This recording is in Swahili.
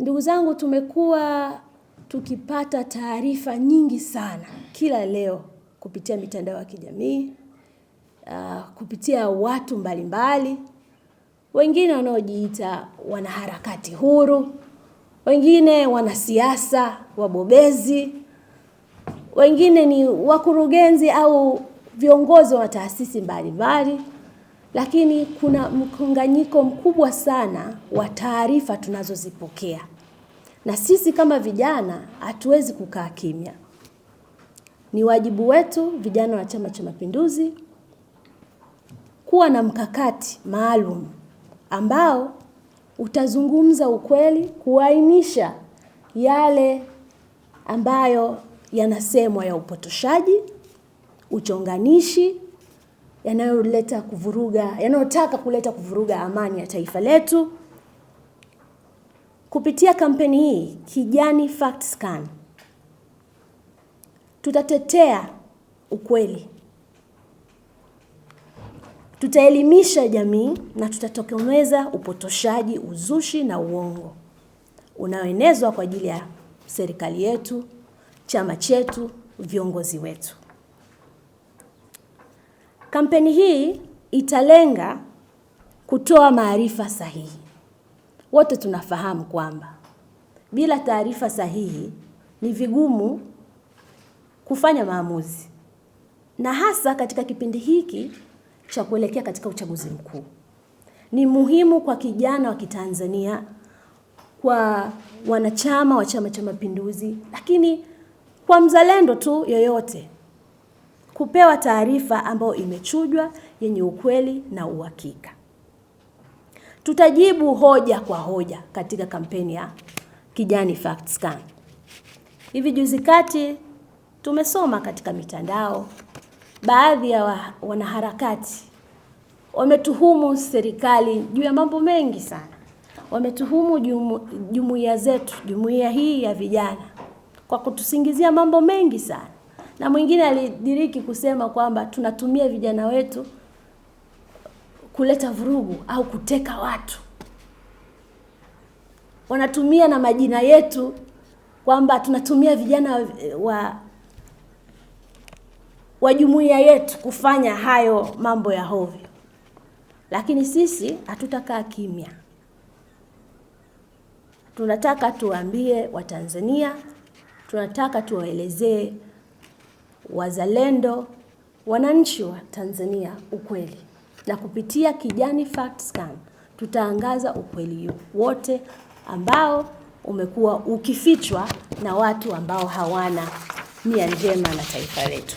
Ndugu zangu, tumekuwa tukipata taarifa nyingi sana kila leo kupitia mitandao ya kijamii uh, kupitia watu mbalimbali mbali. Wengine wanaojiita wanaharakati huru, wengine wanasiasa wabobezi, wengine ni wakurugenzi au viongozi wa taasisi mbalimbali lakini kuna mkonganyiko mkubwa sana wa taarifa tunazozipokea, na sisi kama vijana hatuwezi kukaa kimya. Ni wajibu wetu vijana wa Chama cha Mapinduzi kuwa na mkakati maalum ambao utazungumza ukweli, kuainisha yale ambayo yanasemwa ya upotoshaji, uchonganishi yanayoleta kuvuruga, yanayotaka kuleta kuvuruga amani ya taifa letu. Kupitia kampeni hii Kijani Fact Scan tutatetea ukweli, tutaelimisha jamii na tutatokomeza upotoshaji, uzushi na uongo unaoenezwa kwa ajili ya serikali yetu, chama chetu, viongozi wetu. Kampeni hii italenga kutoa maarifa sahihi. Wote tunafahamu kwamba bila taarifa sahihi ni vigumu kufanya maamuzi, na hasa katika kipindi hiki cha kuelekea katika uchaguzi mkuu. Ni muhimu kwa kijana wa Kitanzania, kwa wanachama wa Chama cha Mapinduzi, lakini kwa mzalendo tu yoyote kupewa taarifa ambayo imechujwa yenye ukweli na uhakika. Tutajibu hoja kwa hoja katika kampeni ya Kijani Fact Scan. Hivi juzi kati tumesoma katika mitandao, baadhi ya wanaharakati wametuhumu serikali juu ya mambo mengi sana. Wametuhumu jumu, jumuiya zetu, jumuiya hii ya vijana kwa kutusingizia mambo mengi sana na mwingine alidiriki kusema kwamba tunatumia vijana wetu kuleta vurugu au kuteka watu, wanatumia na majina yetu kwamba tunatumia vijana wa wa jumuiya yetu kufanya hayo mambo ya hovyo, lakini sisi hatutakaa kimya. Tunataka tuwaambie Watanzania, tunataka tuwaelezee wazalendo, wananchi wa Tanzania ukweli, na kupitia Kijani Fact Scan tutaangaza ukweli wote ambao umekuwa ukifichwa na watu ambao hawana nia njema na taifa letu.